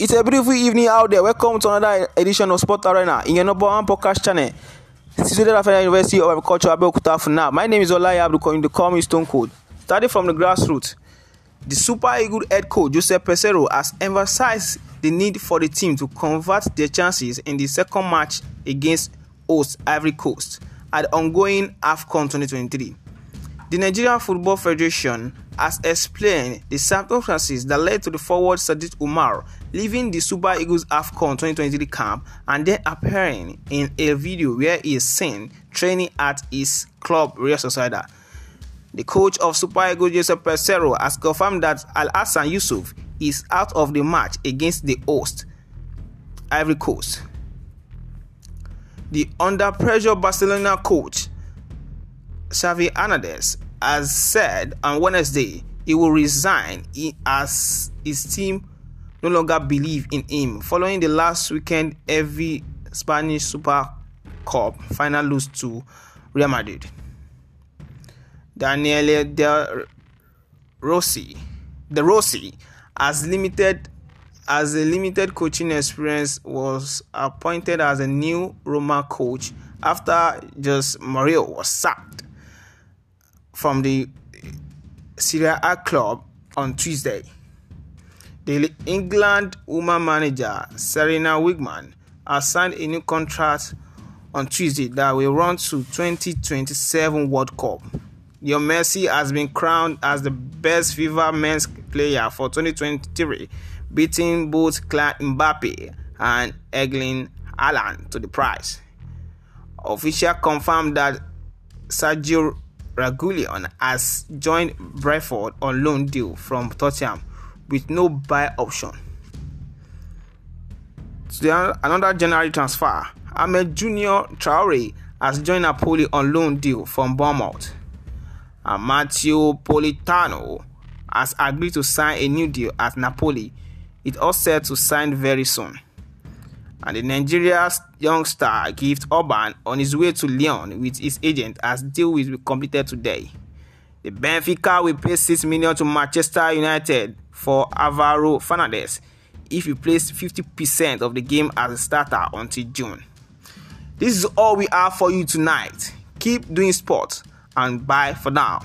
It's a beautiful evening out there. Welcome to another edition of Sport Arena in your number one podcast channel. Situated at Federal University of Agriculture, Abeokuta, FUNAB. My name is Olai Abdul, the call me Stone Cold. Starting from the grassroots, the Super Eagle head coach Joseph Pesero has emphasized the need for the team to convert their chances in the second match against host Ivory Coast at ongoing AFCON 2023. The Nigerian Football Federation has explained the circumstances that led to the forward Sadiq Umar leaving the Super Eagles AFCON 2023 camp and then appearing in a video where he is seen training at his club Real Sociedad. The coach of Super Eagles Joseph Pesero has confirmed that Al Hassan Yusuf is out of the match against the host Ivory Coast. The under pressure Barcelona coach Xavi Hernandez has said on Wednesday he will resign as his team no longer believe in him following the last weekend every Spanish Super Cup final lose to Real Madrid. Daniele De Rossi, De Rossi, as limited as a limited coaching experience, was appointed as a new Roma coach after just Mario was sacked from the Syria A club on Tuesday. The England woman manager Serena Wigman has signed a new contract on Tuesday that will run to 2027 World Cup. Your Messi has been crowned as the best FIFA men's player for 2023, beating both Claire Mbappe and Eglin Allen to the prize. Official confirmed that Sergio Ragulion has joined Brentford on loan deal from Tottenham with no buy option. So another January transfer, Ahmed Junior Traore has joined Napoli on loan deal from Bournemouth. And Matteo Politano has agreed to sign a new deal at Napoli. It all set to sign very soon and the Nigerian young star Gift Urban on his way to Lyon with his agent as deal will be completed today. The Benfica will pay 6 million to Manchester United for Avaro Fernandez if he plays 50% of the game as a starter until June. This is all we have for you tonight. Keep doing sports and bye for now.